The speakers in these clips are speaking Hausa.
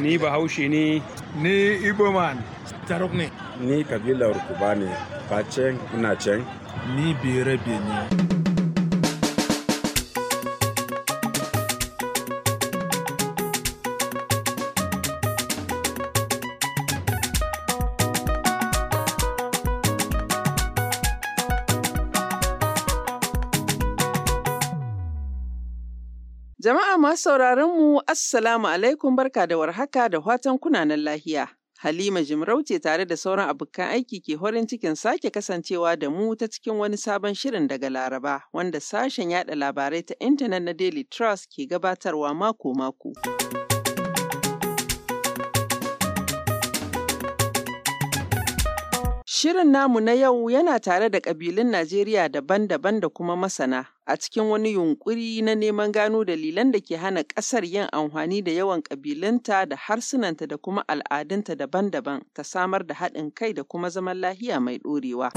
ni bahaushe ne ni iboman tarok ne ni kabilar kuba ne facen ina can ni bere ne Masu sauraron mu Assalamu alaikum barka da warhaka da watan kunanan lahiya. Halima Jimarauce tare da sauran abokan aiki ke horin cikin sake kasancewa da mu ta cikin wani sabon shirin daga Laraba wanda sashen yada labarai ta intanet na Daily Trust ke gabatarwa mako-mako. Shirin namu na yau yana tare da ƙabilun Najeriya daban-daban da kuma masana a cikin wani yunƙuri na neman gano dalilan da ke hana ƙasar yin amfani da yawan ƙabilunta da harsunanta da kuma al'adunta daban-daban ta samar da haɗin kai da kuma zaman lahiya mai ɗorewa.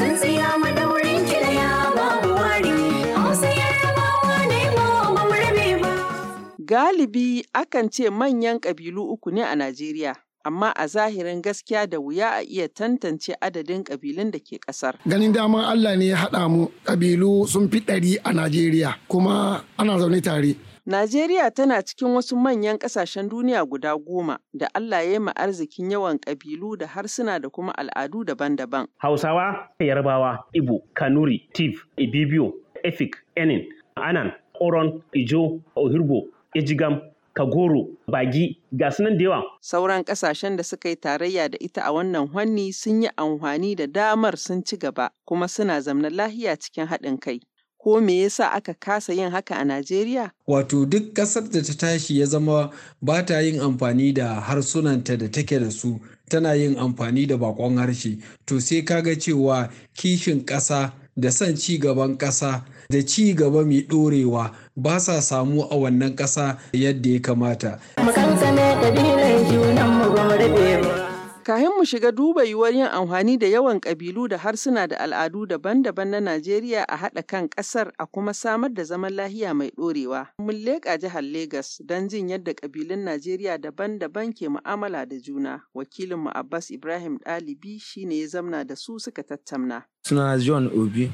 Galibi akan ce manyan ƙabilu uku ne a Najeriya, amma a zahirin gaskiya da wuya a iya tantance adadin ƙabilun da ke ƙasar. Ganin dama Allah ne ya haɗa mu ƙabilu sun fi ɗari a Najeriya kuma ana zaune tare. Najeriya tana cikin wasu manyan ƙasashen duniya guda goma da Allah ya yi arzikin yawan ƙabilu da harsuna da kuma al'adu daban-daban. Hausawa, Yarbawa, Ibo, Kanuri, Tiv, Ibibio, Efik, Enin, Anan, Oron, Ijo, Ohirbo, Ejigam, kagoro bagi ga sunan da yawa sauran kasashen da suka yi tarayya da ita a wannan hanni sun yi amfani da damar sun ci gaba kuma suna zamna lahiya cikin haɗin kai ko me yasa aka kasa yin haka a Najeriya? Wato duk ƙasar da ta tashi ya zama ba ta yin amfani da harsunanta da take da su tana yin amfani da bakon harshe to sai kaga cewa kishin ƙasa da son ci gaban ƙasa da ci gaba mai ɗorewa ba sa samu a wannan ƙasa yadda ya kamata. Mu kankane ƙabilan junanmu ba mu rabe ba. Kahin mu shiga duba yiwuwar yin amfani da yawan ƙabilu da harsuna da al'adu daban-daban na Najeriya a haɗa kan ƙasar a kuma samar da zaman lahiya mai ɗorewa. Mun leƙa jihar Legas don jin yadda ƙabilun Najeriya daban-daban ke mu'amala da juna. Wakilinmu Abbas Ibrahim Ɗalibi shi ne ya zamna da su suka tattauna. Suna John Obi.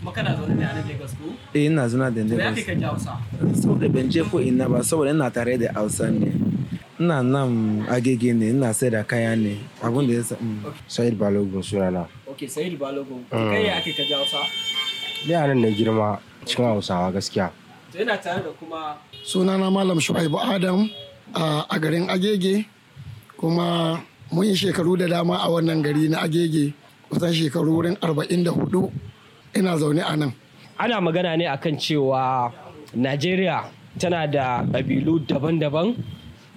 Kuma kana zaune Legas eh, ina zuna da Legas. Me Saboda ban je ko ina ba saboda ina tare da Hausa ne. ina nan agege ne ina sai da kaya ne abin da ya sa mm, shahid balogun surana ok shahid balogun mm. kai ake ka ji hausa yaran na girma cikin hausawa gaskiya to yana tare da kuma sunana malam shu'aibu adam a garin agege kuma mun yi shekaru da dama a wannan gari na agege kusan shekaru wurin 44 ina zaune a nan ana magana ne akan cewa najeriya tana da ƙabilu daban-daban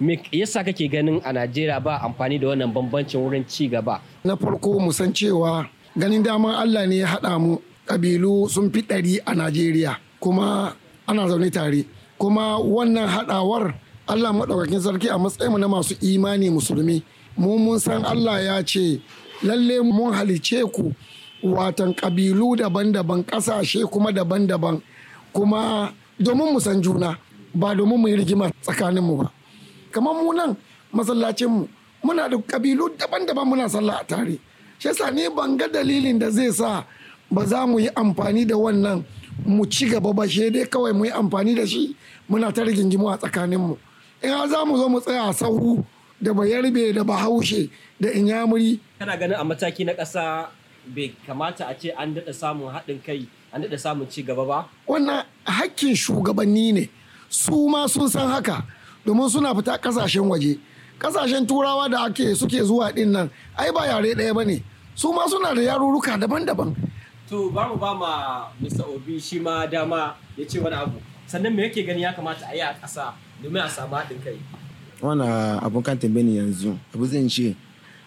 me yasa kake ganin a najeriya ba amfani da wannan bambancin wurin ci gaba na farko mu san cewa ganin daman allah ne ya haɗa mu ƙabilu sun fi ɗari a najeriya kuma ana zaune tare kuma wannan haɗawar allah maɗaukakin sarki a matsayin mu na masu imani musulmi mu mun san allah ya ce lalle mun halice ku watan ƙabilu daban-daban ƙasashe kuma daban-daban kuma domin mu san juna ba domin mu yi rigima tsakaninmu ba kamar mu nan masallacin mu muna da kabilu daban-daban muna sallah a tare shi yasa ni ban ga dalilin da zai sa ba za mu yi amfani da wannan mu ci gaba ba shi dai kawai mu yi amfani da shi muna ta rigingimu a tsakaninmu in za mu zo mu tsaya a sauru da bayarbe da bahaushe da inyamuri kana ganin a mataki na ƙasa bai kamata a ce an daɗa samun haɗin kai an daɗa samun ci gaba ba wannan hakkin shugabanni ne su ma sun san haka domin suna fita kasashen waje kasashen turawa da ake suke zuwa din nan ai ba yare ɗaya ba ne su ma suna da yarurruka daban-daban to ba mu ba ma mr obi shi ma dama ya ce wani abu sannan me yake gani ya kamata a yi a ƙasa domin a samu haɗin kai wannan abun kan tambayi yanzu abu zan ce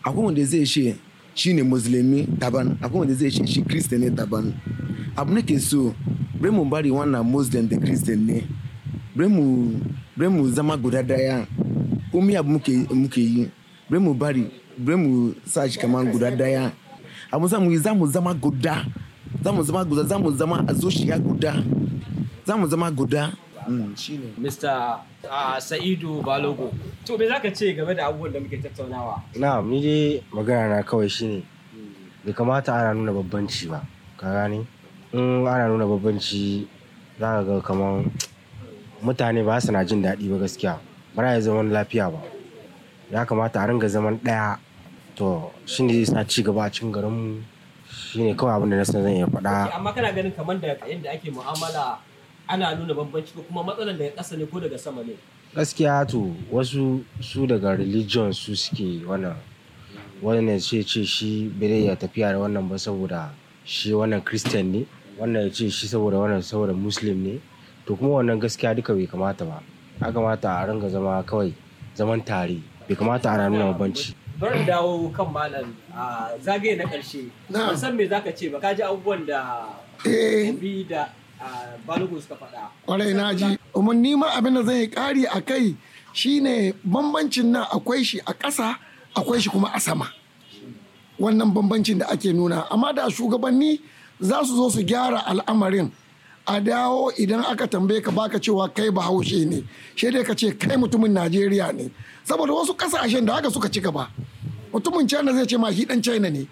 akwai wanda zai ce shi ne musulmi daban akwai wanda zai ce shi christian ne daban abu nake so bari mu bari wannan muslim da christian ne bari mu bremu mu zama guda daya komi abu muke yi bremu mu bari bremu mu sa shi kamar guda daya abu za mu yi za mu zama guda za mu zama guda za mu zama a zuciya guda za mu zama guda Mr. Mm, ah, Sa'idu Balogo to me zaka ce game da abubuwan da muke tattaunawa na ni dai magana na kawai shine bai kamata ana nuna babbanci ba ka gane in ana nuna babbanci za ka ga kamar mutane ba su na jin daɗi ba gaskiya ba za zaman lafiya ba ya kamata a ringa zaman ɗaya to shi ne sa ci gaba a cikin garinmu shi ne kawai abin da na san zan iya faɗa. amma kana ganin kamar da yadda ake mu'amala ana nuna bambanci ko kuma matsalar daga ƙasa ne ko daga sama ne. gaskiya to wasu su daga religion su suke wannan wannan ce ce shi bai ya tafiya da wannan ba saboda shi wannan christian ne wannan ya ce shi saboda wannan saboda muslim ne to kuma wannan gaskiya duka bai kamata ba a kamata a ringa zama kawai zaman tare bai kamata ana nuna banci da dawo kan malam a zagaye na karshe san me zaka ce ba ka ji abubuwan da eh. bi da balugu suka faɗa kwarai na ji umar nima abin da zan yi ƙari a kai shine bambancin nan akwai shi a ƙasa akwai shi kuma a sama wannan bambancin da ake nuna amma da shugabanni za su zo su gyara al'amarin a dawo idan aka tambaye ka baka cewa kai bahaushe ne shi dai ka ce kai mutumin najeriya ne saboda wasu kasashen da haka suka ci gaba mutumin china zai ce ma shi dan china ne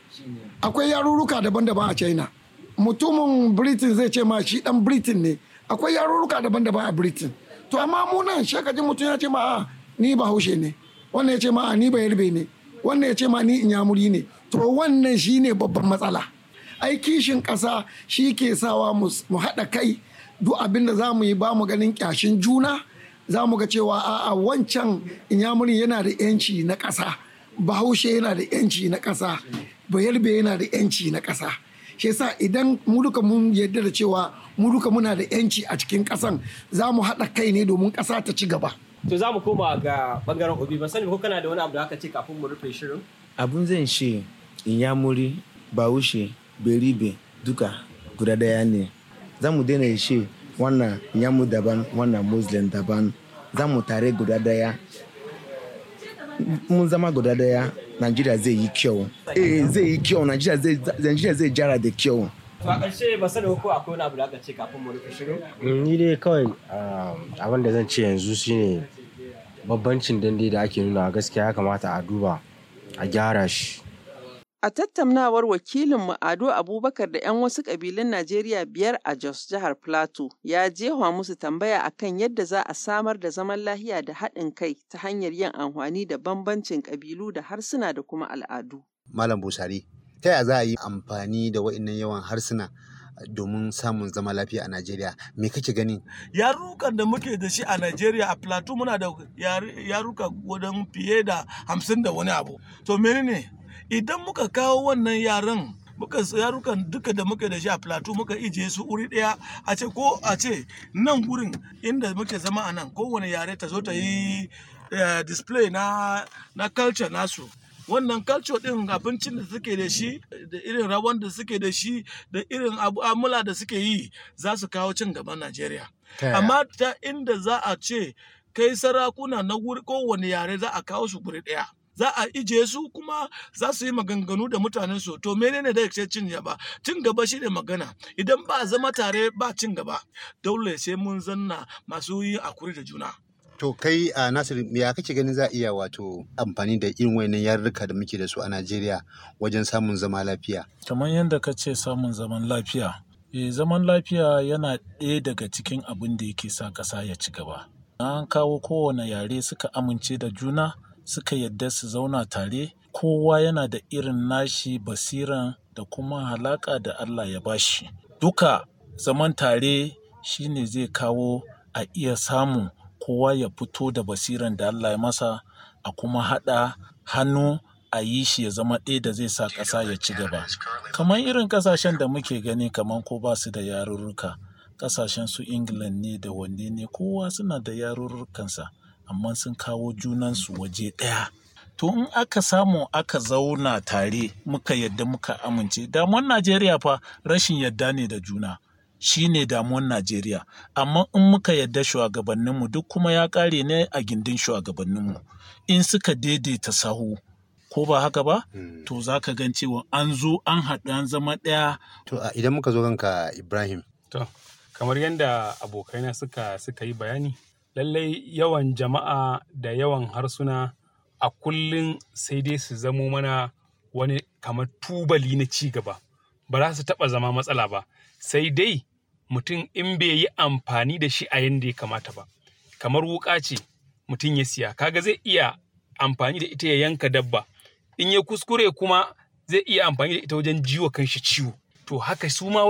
akwai yarurruka daban-daban a china mutumin britain zai ce ma shi dan britain ne akwai yarurruka daban-daban a britain to amma mu nan mutum ya ce ma a ni bahaushe ne wannan ya ce ma a ni bayarbe ne wannan ya ce ma ni inyamuri ne to wannan shine babban matsala ai kishin ƙasa shi ke sawa mu haɗa kai duk abin da za mu yi ba mu ganin ƙyashin juna za mu ga cewa a'a wancan inyamuri yana da 'yanci na ƙasa bahaushe yana da 'yanci na ƙasa bayarbe yana da 'yanci na ƙasa shi yasa idan mu duka mun yarda da cewa mu duka muna da 'yanci a cikin ƙasan za mu haɗa kai ne domin ƙasa ta ci gaba to za mu koma ga bangaren obi ba sani ko kana da wani abu da aka ce kafin mu rufe shirin abun zan ce inyamuri bahaushe beribe duka guda daya ne za mu daina ishe wannan yamu daban wannan muslim daban za mu tare guda daya mun zama guda daya nigeria zai yi kyau eh zai yi kyau nigeria zai jara da kyau to a ƙarshe ba sani ko akwai wani abu da aka ce kafin mu rufe shiru mm, ni dai kawai ah, abin da zan ce yanzu shine babbancin dande da ake nuna gaskiya ya kamata a duba a gyara shi A tattaunawar wakilinmu Ado Abubakar da 'yan wasu ƙabilun Najeriya biyar a Jos, Jihar Plateau, ya jefa musu tambaya akan yadda za a samar da zaman lahiya da haɗin kai ta hanyar yin amfani da bambancin ƙabilu da harsuna da kuma al'adu. Malam Busari, ta yaya za a yi amfani da waɗannan yawan harsuna domin samun zama lafiya a Najeriya me kake gani yarukan da muke da shi a Najeriya a Plateau muna da yaruka wadan fiye da hamsin da wani abu to menene idan muka kawo wannan yaren muka yarukan duka da muka da shi a plateau muka ije su wuri daya a ce ko a ce nan gurin inda muke zama a nan kowane yare ta zo ta yi eh, display na na culture nasu wannan culture din abincin da suke da shi da irin rawan da suke da shi da irin abu'amula da suke yi za su kawo cin gaban Najeriya amma ta inda za a ce kai sarakuna na kowane yare za a kawo su wuri daya za a ije su kuma za su yi maganganu da mutanen su to menene da yake cin gaba cin gaba shine magana idan ba zama tare ba cin gaba dole sai mun zanna masu yi akuri da juna To kai a Nasir ya kake ganin za iya wato amfani da irin wayannan yarurruka da muke da su a Najeriya wajen samun zama lafiya? Kamar yadda ka ce samun zaman lafiya. E, zaman lafiya yana ɗaya daga cikin abin da yake sa ƙasa ya ci gaba. An kawo kowane yare suka amince da juna suka yadda su zauna tare kowa yana da irin nashi basiran da kuma halaƙa da Allah ya bashi duka zaman tare shine zai kawo a iya samu kowa ya fito da basiran da Allah ya masa a kuma haɗa hannu a yi shi ya zama ɗaya da zai sa ƙasa ya ci gaba kamar irin ƙasashen da muke gani kamar ko ba su da yarurruka ƙasashen su england ne da wanne ne kowa suna da yarurrukansa amma sun kawo junansu waje ɗaya to in aka samu aka zauna tare muka yadda muka amince damuwar najeriya fa rashin yadda ne da juna shi ne damuwar najeriya amma in muka yadda shugabanninmu duk kuma ya ƙare ne a gindin shugabanninmu in suka daidaita sahu ko ba haka ba hmm. to za ka gan cewa an zo an haɗu an zama ɗaya to idan muka zo ganka ibrahim to kamar yadda abokaina suka suka yi bayani lallai yawan jama'a da yawan harsuna a kullum sai dai su zamo mana wani kamar tubali na ci gaba ba za su taɓa zama matsala ba sai dai mutum in bai yi amfani da shi a yadda ya kamata ba kamar wuka ce mutum ya siya kaga zai iya amfani da ita ya yanka dabba in ya kuskure kuma zai iya amfani da ita wajen jiwa kanshi ciwo to haka su ma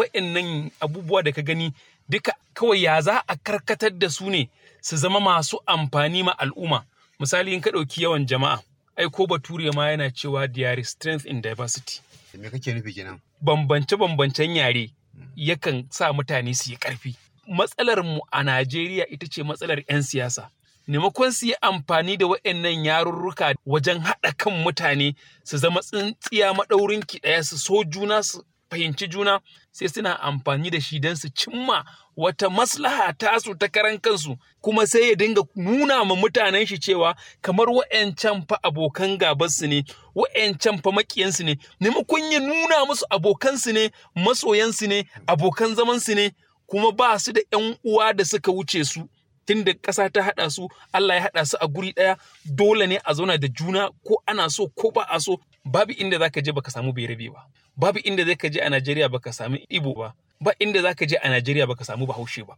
abubuwa da ka gani duka kawai ya za a karkatar da su ne su zama masu amfani ma al'umma misali in ka ɗauki yawan jama'a ai ko bature ma yana cewa diary, strength in diversity me kake nufi kenan bambance bambancen yare hmm. yakan sa mutane su yi ƙarfi matsalar mu a Najeriya ita ce matsalar 'yan siyasa Nemakon su yi amfani da waɗannan yarurruka wajen haɗa kan mutane su zama tsintsiya maɗaurin ki ɗaya su so juna su fahimci juna sai suna amfani da shi don su cimma wata maslaha tasu ta karan kansu kuma sai ya dinga nuna ma mutanen shi cewa kamar wa'yancan fa abokan gabansu ne wa'yancan fa makiyansu ne maimakon ya nuna musu abokansu ne masoyansu ne abokan zamansu ne kuma ba su da 'yan uwa da suka wuce su tun da ƙasa ta haɗa su Allah ya haɗa su a guri ɗaya dole ne a zauna da juna ko ana so ko ba a so babu inda zaka je baka samu berabe ba babu inda zai ka je a Najeriya baka sami Ibo ba ba inda zaka je a Najeriya baka samu Bahaushe ba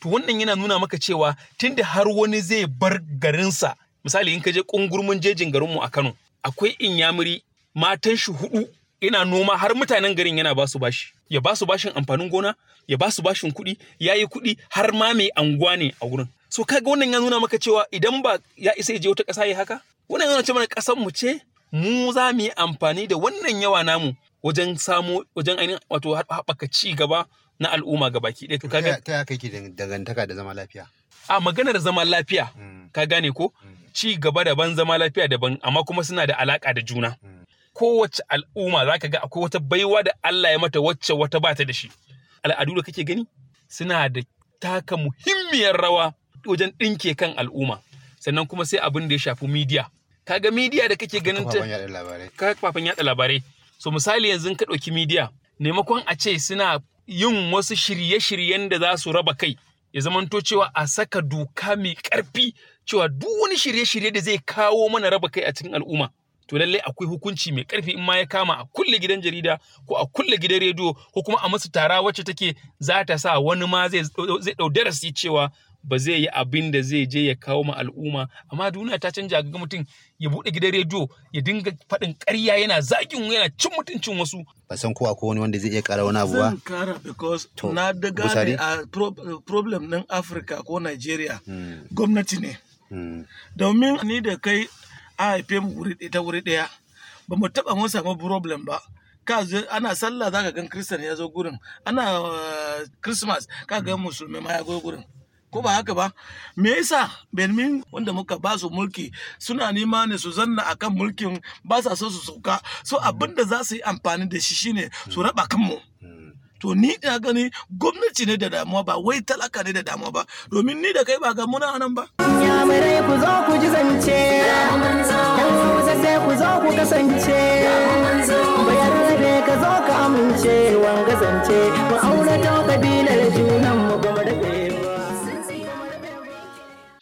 to wannan yana nuna maka cewa tunda har wani zai bar garinsa misali in ka je kungurmin jejin garinmu a Kano akwai inyamuri matan shi hudu ina noma har mutanen garin yana basu bashi ya basu bashin amfanin gona ya basu bashin kuɗi ya yi kuɗi har ma mai anguwa ne a wurin. so kaga wannan ya nuna maka cewa idan ba ya isa ya je wata ƙasa ya haka wannan yana ce mana ƙasar mu ce mu za mu yi amfani da wannan yawa namu wajen samo wajen ainihin wato haɓaka ci gaba na al'umma ga baki ɗaya ta ya kai dangantaka da zama lafiya a maganar zama lafiya mm. ka gane ko mm. ci gaba daban zama lafiya daban amma kuma suna da alaka da juna mm. kowace al'umma za ka ga akwai wata baiwa da Allah ya mata wacce wata bata da shi al'adu da kake gani suna da taka muhimmiyar rawa wajen ɗinke kan al'umma sannan kuma sai abin da ya shafi midiya kaga midiya da kake ganin ta kafafen yada labarai so misali yanzu ka ɗauki midiya maimakon a ce suna yin wasu shirye-shiryen da za su raba kai ya zamanto cewa a saka doka mai ƙarfi cewa duk wani shirye-shirye da zai kawo mana raba kai a cikin al'umma to lallai akwai hukunci mai ƙarfi in ma ya kama a kulle gidan jarida ko a kulle gidan rediyo ko kuma a masu tara wacce take za ta sa wani ma zai ɗau darasi cewa ba zai yi abin da zai je ya kawo ma al'umma amma duniya ta canja ga mutum ya bude gidan rediyo ya dinga faɗin ƙarya yana zagin yana cin mutuncin wasu ba san kowa ko wani wanda zai iya ƙara wani abu ba na da gane a problem din africa ko Nigeria hmm. gwamnati ne hmm. domin ni da kai a haife mu wuri ta wuri ɗaya ba mu taɓa mun samu problem ba ka ana sallah zaka gan kristan ya zo gurin ana eh, christmas ka ga hmm. musulmi ma ya zo gurin ko ba haka ba me yasa benin wanda muka ba su mulki suna nema ne su zanna akan mulkin ba sa so su sauka so abin za su yi amfani da shi shine su raba kanmu to ni ina gani gwamnati ne da damuwa ba wai talaka ne da damuwa ba domin ni da kai ba ga muna nan ba yamurai ku zo ku ji zance ku zo ku kasance ka zo ka amince wanga zance aure ta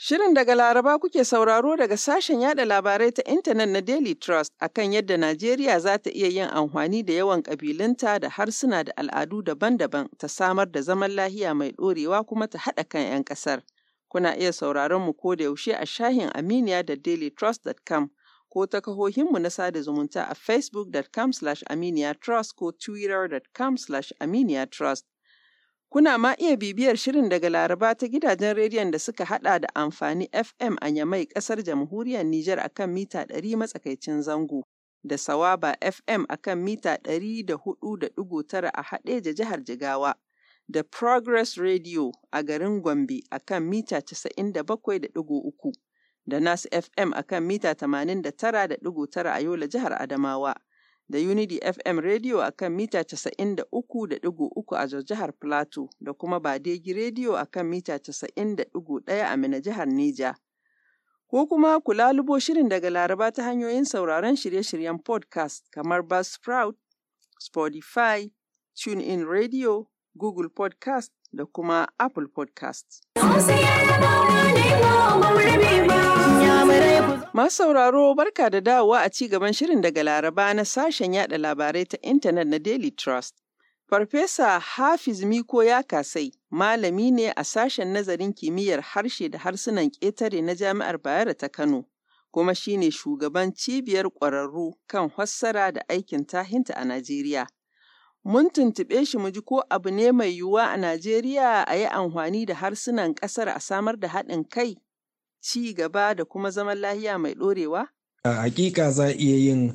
Shirin daga Laraba kuke sauraro daga sashen yada labarai ta intanet na Daily Trust akan yadda Najeriya za ta iya yin amfani da yawan ƙabilunta da harsuna da al'adu daban-daban ta samar da zaman lahiya mai ɗorewa kuma ta haɗa kan 'yan ƙasar. Kuna iya sauraron mu ko da yaushe a shahin Aminiya da dailytrust.com ko ta kahohinmu na sada zumunta a facebookcom aminiyatrust ko twittercom aminiyatrust Kuna ma iya bibiyar shirin daga Laraba ta gidajen rediyon da suka haɗa da amfani FM a Yamai, ƙasar jamhuriyar Nijar a kan mita 100 matsakaicin zango, da Sawaba FM a kan mita 104.9 a Haɗeja jihar Jigawa, da Progress Radio a garin Gombe a kan mita 97.3, da Nas FM a kan mita 89.9 a Yola jihar Adamawa. da Unity FM Radio a kan mita 93.3 a jihar Plateau da kuma Badegi Radio a kan mita 90.1 a Mina jihar Nija. Ko kuma ku lalubo shirin daga Laraba ta hanyoyin sauraron shirye-shiryen podcast kamar Buzzsprout, Spotify, TuneIn Radio, Google Podcast da kuma Apple Podcast. Masu sauraro barka da dawowa a ci gaban shirin daga Laraba na sashen yada labarai ta intanet na Daily Trust. Farfesa Hafiz Miko ya kasai, malami ne a sashen nazarin kimiyyar harshe da harsunan ƙetare na Jami'ar Bayero ta Kano, kuma shine shugaban cibiyar ƙwararru kan hassara da aikin tahinta a Najeriya. Mun tuntuɓe shi mu ji ko abu ne mai yiwuwa a Najeriya a yi amfani da harsunan ƙasar a samar da haɗin kai ci gaba da kuma zaman lahiya mai ɗorewa? hakika za a iya yin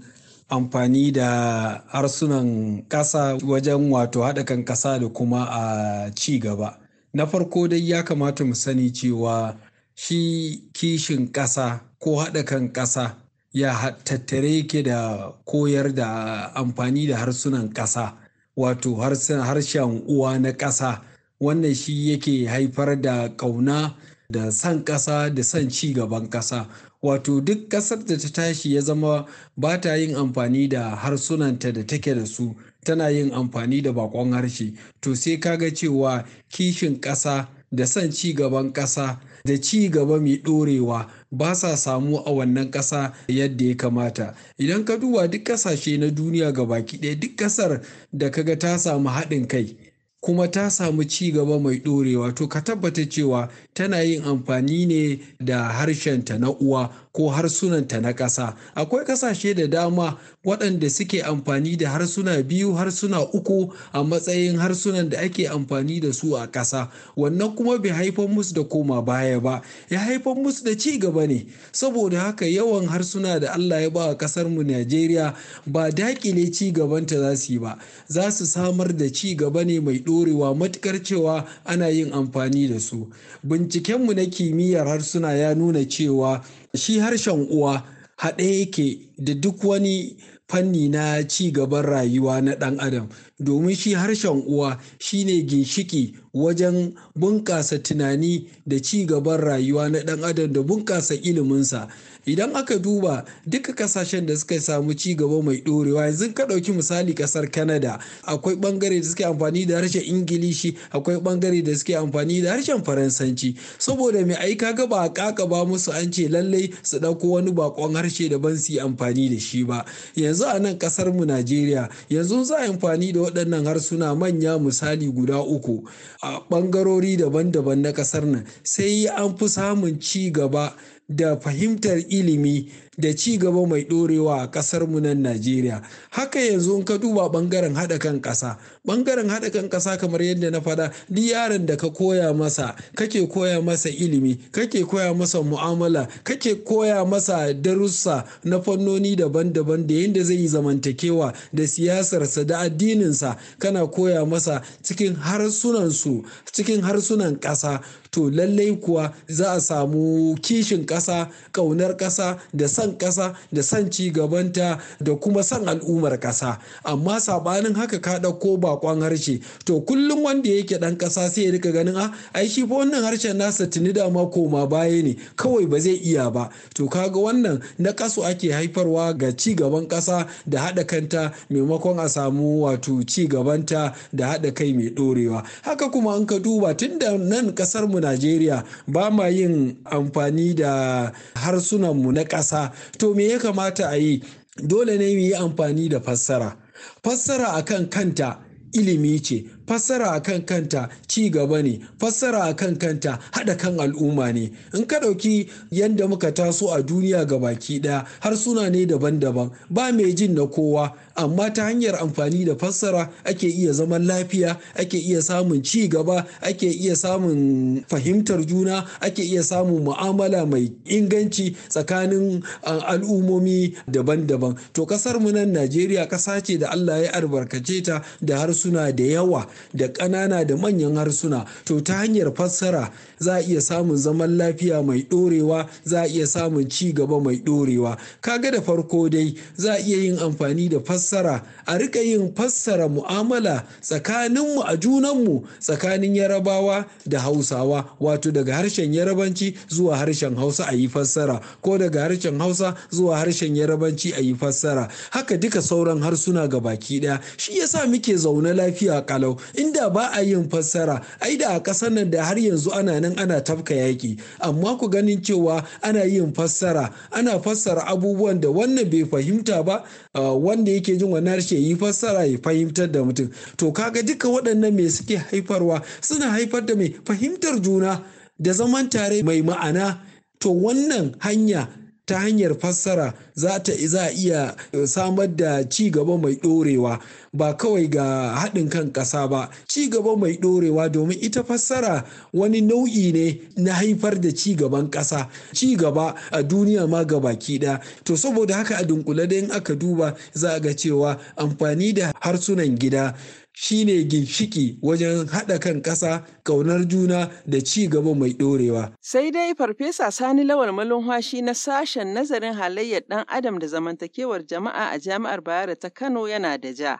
amfani da harsunan ƙasa wajen wato haɗa ƙasa da kuma a ci gaba. Na farko dai ya kamata mu sani cewa shi kishin ƙasa ko haɗa ƙasa ya tattare yake da koyar da amfani da harsunan ƙasa wato harshen uwa na ƙasa wannan shi yake haifar da ƙauna da san ƙasa da san ci gaban ƙasa wato duk ƙasar da ta tashi ya zama ba ta yin amfani da harsunanta da take da su tana yin amfani da bakon harshe to sai ka ga cewa kishin ƙasa da san ci gaban ƙasa da ci gaba mai ɗorewa ba sa samu a wannan ƙasa yadda ya kamata idan ka duba duk ƙasashe na duniya ga baki ɗaya duk ƙasar da kaga ta samu haɗin kai kuma ta samu ci gaba mai ɗorewa to ka tabbata cewa tana yin amfani ne da harshenta na uwa ko harsunanta na ƙasa akwai ƙasashe da dama waɗanda suke amfani da harsuna biyu harsuna uku a matsayin harsunan da ake amfani da su a ƙasa wannan kuma bai haifar musu da koma baya ba ya haifar musu da ci gaba ne saboda haka yawan harsuna da allah ya ba a ƙasar mu najeriya ba dakile ci gabanta za su yi ba za su samar da ci gaba ne mai ɗorewa matukar cewa ana yin amfani da su binciken mu na kimiyyar harsuna ya nuna cewa shi harshen uwa haɗe yake da duk wani fanni na ci gaban rayuwa na ɗan adam domin shi harshen uwa shine ginshiki wajen bunƙasa tunani da ci gaban rayuwa na ɗan adam da bunƙasa iliminsa idan aka duba duka kasashen da suka samu ci gaba mai ɗorewa yanzu ka ɗauki misali kasar canada akwai bangare da suke amfani da harshen ingilishi akwai ɓangare da suke amfani da harshen faransanci saboda mai ai kaga ba a kaka ba musu an ce lallai su ɗauko wani bakon harshe daban su yi amfani da shi ba yanzu a nan ƙasarmu najeriya yanzu za a amfani da waɗannan harsuna manya misali guda uku a ɓangarori daban-daban na ƙasar nan sai an fi samun ci gaba da fahimtar ilimi da ci gaba mai ɗorewa a ƙasar mu nan Najeriya. Haka yanzu in ka duba bangaren haɗa kan ƙasa, bangaren haɗa kan ƙasa kamar yadda na faɗa, duk yaron da ka koya masa, kake koya masa ilimi, kake koya masa mu'amala, kake koya masa darussa na fannoni daban-daban da yadda zai yi zamantakewa da siyasarsa da addininsa, kana koya masa cikin harsunan su, cikin harsunan ƙasa, to lallai kuwa za a samu kishin ƙasa, ƙaunar ƙasa da son ƙasa da san ci gabanta da kuma san al'ummar ƙasa amma sabanin haka ka ɗauko bakon harshe to kullum wanda yake ɗan ƙasa sai ya rika ganin a ah, ai shi fa wannan harshen nasa tuni da ma koma baya ne kawai ba zai iya ba to kaga wannan na kasu ake haifarwa ga ci gaban ƙasa da haɗa kanta maimakon a samu wato ci gabanta da haɗa kai mai ɗorewa haka kuma an ka duba tun da nan ƙasar mu najeriya ba ma yin amfani da harsunan mu na ƙasa to me ya kamata a yi dole ne mu yi amfani da fassara fassara akan kanta ilimi ce fassara a kan kanta ci gaba ne fassara a kan kanta haɗa kan al'umma ne in ka ɗauki yadda muka taso a duniya ga baki ɗaya harsuna ne daban-daban ba mai jin na kowa amma ta hanyar amfani da fassara ake iya zaman lafiya ake iya samun ci gaba ake iya samun fahimtar juna ake iya samun mu'amala mai inganci tsakanin al'ummomi daban-daban to kasar mu nan najeriya ƙasa ce da allah ya albarkace ta da harsuna da yawa da ƙanana da manyan harsuna to ta hanyar fassara za a iya samun zaman lafiya mai ɗorewa za a iya samun ci gaba mai ɗorewa kaga da farko dai za a iya yin amfani da fassara a rika yin fassara mu'amala tsakaninmu a junanmu tsakanin yarabawa da hausawa wato daga harshen yarabanci zuwa harshen hausa a yi fassara ko daga harshen hausa zuwa harshen yarabanci a yi fassara haka duka sauran harsuna ga baki ɗaya shi yasa muke zaune lafiya kalau inda ba a yin fassara ai da a ƙasar nan da har yanzu ana nan ana tafka yaƙi amma ku ganin cewa ana yin fassara ana fassara abubuwan da wannan bai fahimta ba wanda yake jin wannan harshe yi fassara ya fahimtar da mutum to kaga duka waɗannan me suke haifarwa suna haifar da mai fahimtar juna da zaman tare mai ma'ana to wannan hanya ta hanyar fassara za ta za iya eh, samar da ci gaba mai ɗorewa ba kawai ga haɗin kan ƙasa ba ci gaba mai ɗorewa domin ita fassara wani nau'i ne na haifar da ci gaban ƙasa ci gaba a duniya ma ga baki ɗaya to saboda haka a dunkule da in aka duba za a ga cewa amfani da harsunan gida shine ginshiki wajen haɗa kan ƙasa ƙaunar juna da ci gaba mai ɗorewa. Sai dai Farfesa Sani Lawal Malumhashi na sashen nazarin halayyar ɗan Adam da zamantakewar jama'a a Jami'ar Bayero ta Kano yana da ja,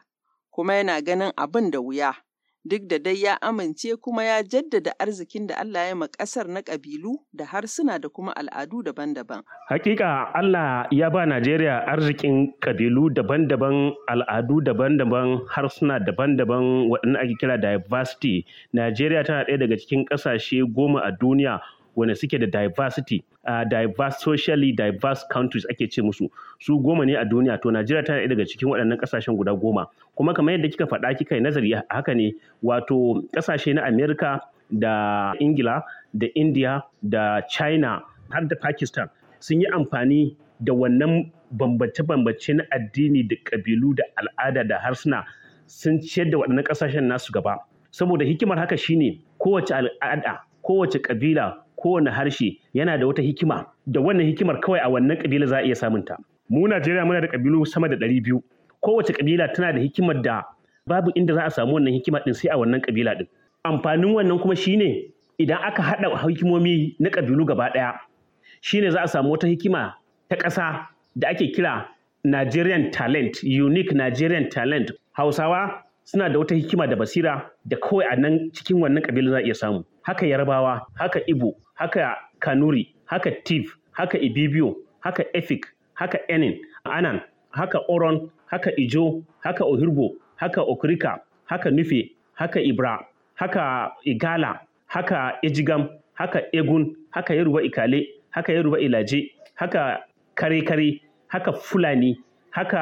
kuma yana ganin abin da wuya. duk da dai ya amince kuma ya jaddada arzikin da Allah ya ma ƙasar na ƙabilu da harsuna da kuma al'adu daban-daban. Hakika Allah ya ba Najeriya arzikin ƙabilu daban-daban, al'adu daban-daban, harsuna daban-daban waɗanda ake kira diversity. Najeriya tana ɗaya daga cikin ƙasashe goma a duniya wanda suke da diversity uh, diverse socially diverse countries ake ce musu su goma ne a duniya to Najeriya tana daga cikin waɗannan ƙasashen guda goma kuma kamar yadda kika faɗa kika yi nazari haka ne wato ƙasashe na America da Ingila da India da China har da Pakistan sun yi amfani da wannan bambance-bambance na addini da ƙabilu da al'ada da harsuna sun ciyar da waɗannan ƙasashen nasu gaba saboda hikimar haka shine kowace al'ada kowace ƙabila kowane harshe yana da wata hikima da wannan hikimar kawai a wannan kabila za a iya ta. mu Najeriya muna da kabilu sama da ɗari biyu kowace kabila tana da hikimar da babu inda za a samu wannan hikima din sai a wannan kabila din amfanin wannan kuma shi ne idan aka haɗa hikimomi na kabilu gaba ɗaya shine za a samu wata hikima ta ƙasa da ake kira Nigerian talent unique Nigerian talent Hausawa suna da wata hikima da basira da kawai a nan cikin wannan kabilar za a iya samu haka yarbawa haka ibo haka kanuri haka tiv haka ibibio haka efik haka enin anan haka oron haka ijo haka ohirbo haka okrika haka nufe haka ibra haka igala haka ejigam haka egun haka yaruba ikale haka yaruba ilaje haka kare-kare haka fulani haka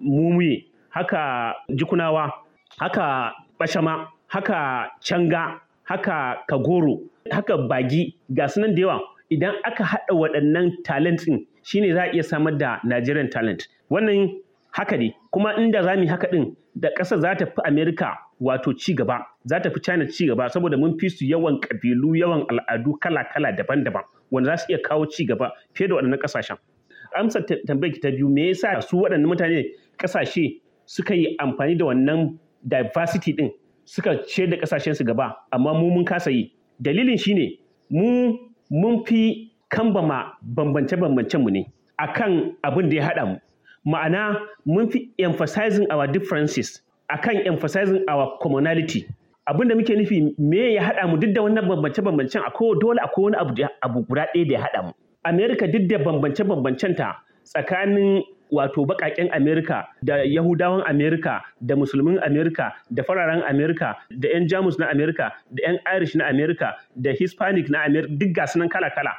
mumuye haka jikunawa haka Bashama, haka canga haka kagoro haka bagi ga sunan da yawa idan aka haɗa waɗannan talent ɗin shine za a iya samar da Nigerian talent wannan haka ne kuma inda za mu haka ɗin da ƙasar za ta fi America wato ci gaba za ta fi China ci gaba saboda mun fi su yawan ƙabilu yawan al'adu kala-kala daban-daban wanda za su iya kawo ci gaba fiye da waɗannan ƙasashen amsa tambayar ta biyu me yasa su waɗannan mutane ƙasashe suka yi amfani da wannan diversity din suka ce da kasashen su gaba amma mu mun kasa yi dalilin shine mu mun fi kambama bambance-bambancen mu ne akan abin da ya haɗa mu ma'ana mun fi emphasizing our differences akan emphasizing our commonality abin da muke nufi me ya haɗa mu duk da wannan bambance-bambancen akwai dole akwai wani abu guda ɗaya da ya haɗa mu america duk da bambance-bambancen ta tsakanin wato baƙaƙen Amerika da Yahudawan Amerika da Musulmin Amerika da fararen Amerika da 'yan Jamus na Amerika da 'yan Irish na Amerika da Hispanic na Amerika duk gasu nan kala-kala.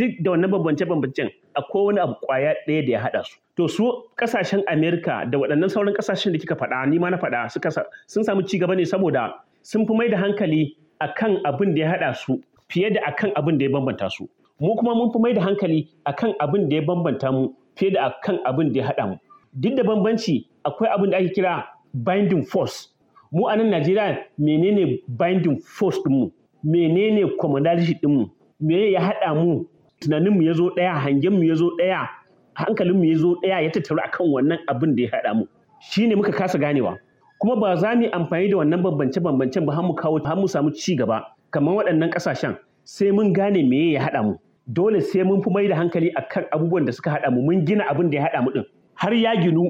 Duk da wannan bambance-bambancen akwai wani abu kwaya ɗaya da ya haɗa su. To su ƙasashen Amerika da waɗannan sauran ƙasashen da kika faɗa ni ma na faɗa sun samu ci gaba ne saboda sun fi mai da hankali akan abin da ya haɗa su fiye da akan abin da ya bambanta su. Mu kuma mun fi mai da hankali akan abin da ya bambanta mu fiye da kan abin da ya haɗa mu duk da bambanci akwai abin da ake kira binding force mu a nan Najeriya menene binding force ɗinmu menene commonality ɗinmu me ya haɗa mu tunaninmu ya zo ɗaya hangenmu ya zo ɗaya hankalinmu ya zo ɗaya ya tattaru akan wannan abin da ya haɗa mu shi ne muka kasa ganewa kuma ba za mu yi amfani da wannan bambance-bambancen ba har mu kawo har mu samu ci gaba kamar waɗannan ƙasashen sai mun gane me ya haɗa mu dole sai mun fi mai da hankali kan abubuwan da suka haɗa mu mun gina abin da ya haɗa mu ɗin har ya ginu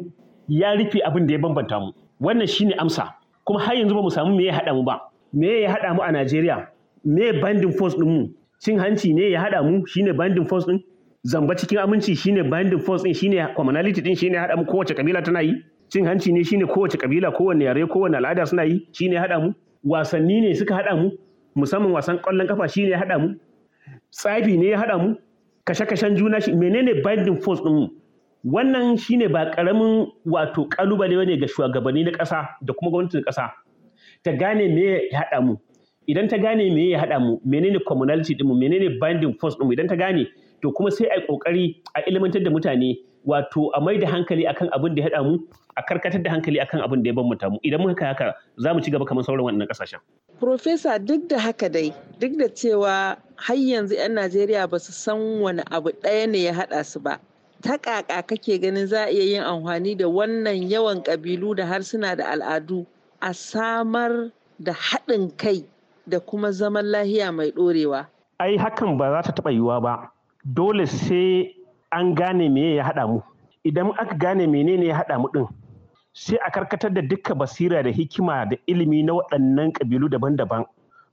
ya rufe abin da ya bambanta mu wannan shine amsa kuma har yanzu ba mu samu me ya haɗa mu ba me ya haɗa mu a Najeriya me banding force ɗin mu cin hanci ne ya haɗa mu shine banding force ɗin zamba cikin aminci shine banding force ɗin shine commonality din shine ya haɗa mu kowace kabila tana yi cin hanci ne shine kowace kabila kowanne yare kowanne al'ada suna yi shine ya haɗa mu wasanni ne suka haɗa mu musamman wasan ƙwallon kafa shine ya haɗa mu tsafi ne ya haɗa mu kashe-kashen juna shi menene binding force ɗin mu wannan shine ba ƙaramin wato ƙalubale ne ga shugabanni na ƙasa da kuma gwamnati na ƙasa ta gane me ya haɗa mu idan ta gane me ya haɗa mu menene commonality mu menene binding force mu idan ta gane to kuma sai a yi ƙoƙari a ilimantar da mutane wato a mai da hankali akan abin da ya haɗa mu a karkatar da hankali akan abin da ya bambanta mu idan muka haka za mu ci gaba kamar sauran wannan ƙasashen. Profesa duk da haka dai duk da cewa har yanzu 'yan najeriya ba su san wani abu ɗaya ne ya haɗa su ba ta ƙaƙa kake ganin za a iya yin amfani da wannan yawan ƙabilu da harsuna da al'adu a samar da haɗin kai da kuma zaman lahiya mai ɗorewa. ai hakan ba za ta taɓa yiwuwa ba dole sai an gane me ya haɗa mu idan aka gane menene ya haɗa mu ɗin sai a karkatar da dukkan basira da hikima da ilimi na waɗannan ƙabilu daban-daban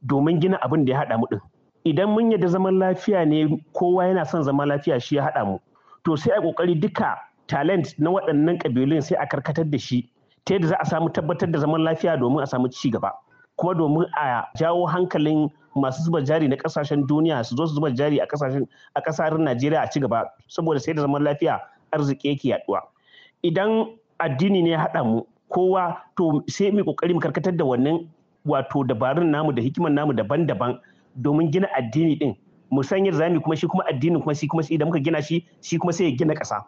domin gina abin da ya haɗa mu ɗin. idan mun yadda zaman lafiya ne kowa yana son zaman lafiya shi ya haɗa mu to sai a ƙoƙari duka talent na waɗannan ƙabilun sai a karkatar da shi ta yadda za a samu tabbatar da zaman lafiya domin a samu ci gaba kuma domin a jawo hankalin masu zuba jari na kasashen duniya su zo su zuba jari a kasashen a Najeriya a ci gaba saboda sai da zaman lafiya arziki yake yaɗuwa. idan addini ne ya haɗa mu kowa to sai mu kokari mu karkatar da wannan wato dabarun namu da hikimar namu daban-daban domin gina addini din mu san yadda zamu kuma shi kuma addinin kuma shi kuma shi idan muka gina shi shi kuma sai ya gina ƙasa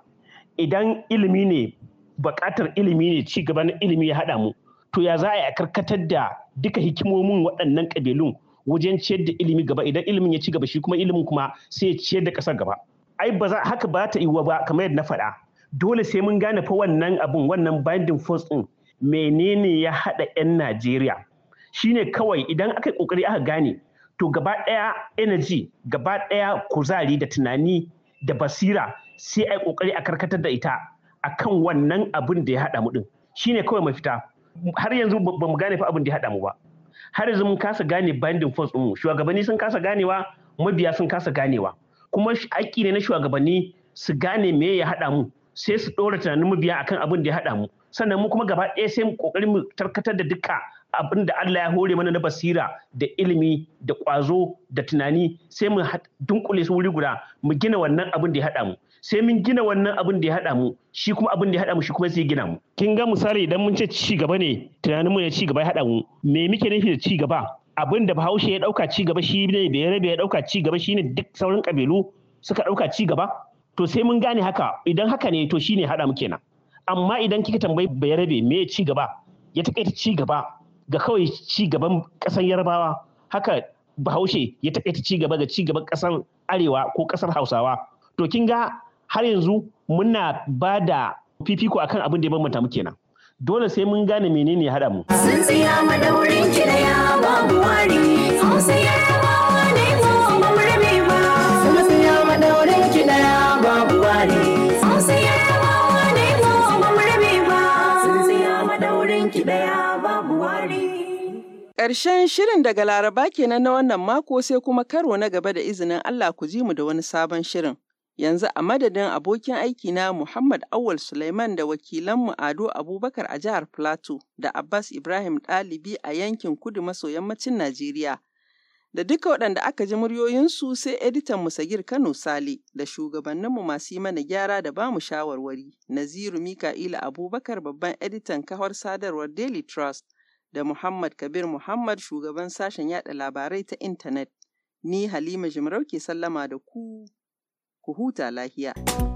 idan ilimi ne buƙatar ilimi ne ci gaba na ilimi ya haɗa mu to ya za a yi a karkatar da duka hikimomin waɗannan ƙabilun wajen ciyar da ilimi gaba idan ilimin ya ci gaba shi kuma ilimin kuma sai ya ciyar da ƙasar gaba ai ba za haka ba ta yiwuwa ba kamar yadda na faɗa dole sai mun gane fa wannan abun wannan binding force din menene ya haɗa 'yan Najeriya shine kawai idan aka yi ƙoƙari aka gane to gaba ɗaya energy gaba ɗaya kuzari da tunani da basira sai a yi ƙoƙari a karkatar da ita akan wannan abin da ya haɗa mu ɗin shine kawai mafita har yanzu ba mu gane fa abin da ya haɗa mu ba har yanzu mun kasa gane binding force mu shugabanni sun kasa ganewa mabiya sun kasa ganewa kuma haƙƙi ne na shugabanni su gane me ya haɗa mu sai su ɗora tunanin mabiya akan abin da ya haɗa mu sannan mu kuma gaba ɗaya sai mu ƙoƙarin mu tarkatar da duka. abin da Allah ya hore mana na basira da ilimi da ƙwazo da tunani sai mu dunkule su wuri guda mu gina wannan abin da ya haɗa mu sai mun gina wannan abin da ya haɗa mu shi kuma abin da ya haɗa mu shi kuma sai gina mu kin ga misali idan mun ce ci gaba ne tunanin mu ya ci gaba ya haɗa mu me muke nufi da ci gaba abin da Bahaushe ya ɗauka ci gaba shi ne Bayarabe ya ɗauka ci gaba shi ne duk sauran ƙabilu suka ɗauka ci gaba to sai mun gane haka idan haka ne to shine haɗa mu kenan amma idan kika tambayi Bayarabe me ci gaba ya taƙaita ci gaba ga kawai ci gaban ƙasar yarbawa haka bahaushe ya taƙaita ci gaba ga ci gaban ƙasar arewa ko ƙasar hausawa to kin ga har yanzu muna ba da fifiko akan abin da ya bambanta mu kenan dole sai mun gane menene ya haɗa mu. Sun tsaya madaurin babu wari, sun tsaya Karshen shirin daga Laraba kenan na wannan mako sai kuma karo na gaba da izinin Allah ku ji mu da wani sabon shirin. Yanzu a madadin abokin aiki na Muhammad Awal Sulaiman da wakilanmu Ado Abubakar a jihar Plateau da Abbas Ibrahim ɗalibi a yankin kudu maso yammacin Najeriya. Da duka waɗanda aka ji muryoyinsu sai editan mu Sagir Kano Sale da shugabanninmu masu yi mana gyara da bamu shawarwari. Naziru Mika'ila Abubakar babban editan kahar sadarwar Daily Trust. da Muhammad Kabir Muhammad shugaban sashen yada labarai ta intanet. Ni Halima Jimarau ke sallama da ku, ku huta lahiya.